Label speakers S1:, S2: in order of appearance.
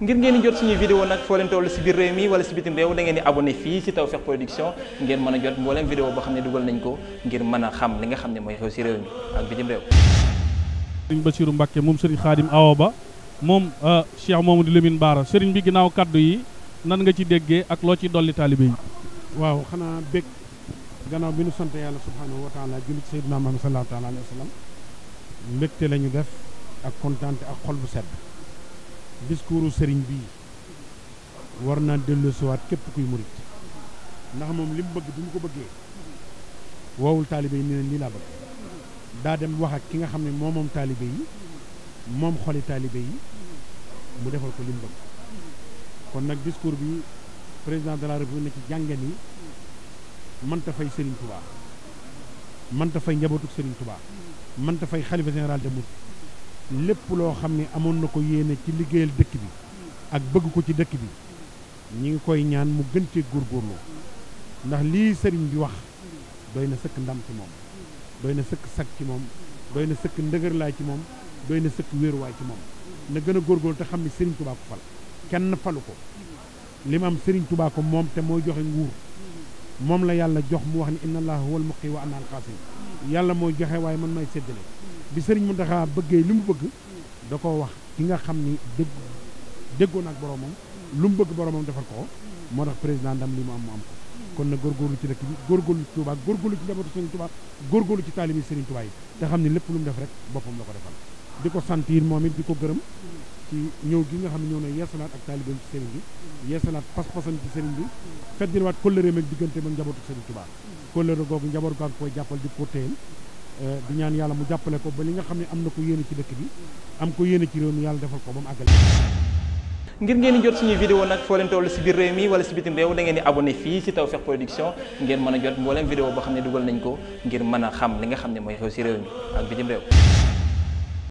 S1: ngir ngeen di jot suñuy vidéo nag foo leen toll si biir réew mi wala si bitim réew da ngeen di abonné fii si Tawfekh Production ngeen mën a jot mbooleem vidéo boo xam ne dugal nañ ko ngir mën a xam li nga xam ne mooy xew si réew mi ak bitim réew
S2: sëriñ Basiru Mbàkke moom sëriñ moom euh, Cheikh Mamadou Lamine sëriñ bi ginnaaw kàddu yi nan nga ci déggee ak loo ci dolli taalibe yi waaw xanaa bég gannaaw bi nu sant yàlla subhaanahu wa taala jullit sayyidina Muhammad sallallahu taala alayhi wa sallam mbégte la ñu def ak kontan ak xol bu sedd discoursu sëriñ bi war naa dellu képp kuy murit ndax moom li bëgg bi mu ko bëggee wowul taalibe yi ni leen lii laa bëgg daa dem wax ak ki nga xam ne moo moom taalibe yi moom xole taalibe yi mu defal ko li mu bëgg kon nag discours bi président de la république na ci jànge ni mënta fay Serigne Touba mënta fay njabootu sëriñ Touba mënta fay xalifa général de Mouride lépp loo xam ne amoon na ko yéene ci liggéeyal dëkk bi ak bëgg ko ci dëkk bi ñu ngi koy ñaan mu gën cee góorgóorlu ndax lii sëriñ bi wax doy na sëkk ndam ci moom doy na sëkk sag ci moom doy na sëkk ndëgërlaay ci moom doy na sëkk wéeruwaay ci moom na gën a góor góorgóorlu te xam ne sëriñ tubaa ko fal kenn falu ko li mu am sëriñ tubaa ko moom te mooy joxe nguur moom la yàlla jox mu wax ni inna allaha huwal muqi wa ana alqaasim yàlla mooy joxe waaye man may séddale bi sëriñ Mountakha bëggee li mu bëgg da koo wax ki nga xam ni dégg ak nag boromam lu mu bëgg boromam defal ko moo tax président ndam li mu am mu am ko kon na góorgóorlu ci dëkk bi góorgóorlu ci Touba góorgóorlu ci njabootu sëriñ Touba góorgóorlu ci taalibi sëriñ Touba yi te xam ne lépp lu mu def rek boppam la ko defal di ko sentir moom it di ko gërëm ci ñëw gi nga xam ne ñëw na yeesalaat ak taalibeem ci sëriñ bi yeesalaat pas-pasam ci sëriñ bi feddilwaat kóllëreem ak diggante mag njabootu sëriñ Touba kóllëre googu njaboot gaa ngi koy jàppal di ko téyel Euh, di ñaan yàlla mu jàppale ko ba li nga xam ne am na ko yéene ci dëkk bi am ko yéene ci réew mi yàlla defal ko ba mu àggale
S1: ngir ngeen di jot suñuy vidéo nag foo leen toll si biir réew mi wala si bitim réew da ngeen di abonné fii si Tawfekh Production ngeen mën a jot mbooleem vidéo boo xam ne dugal nañ ko ngir mën a xam li nga xam ne mooy xew si réew mi ak bitim réew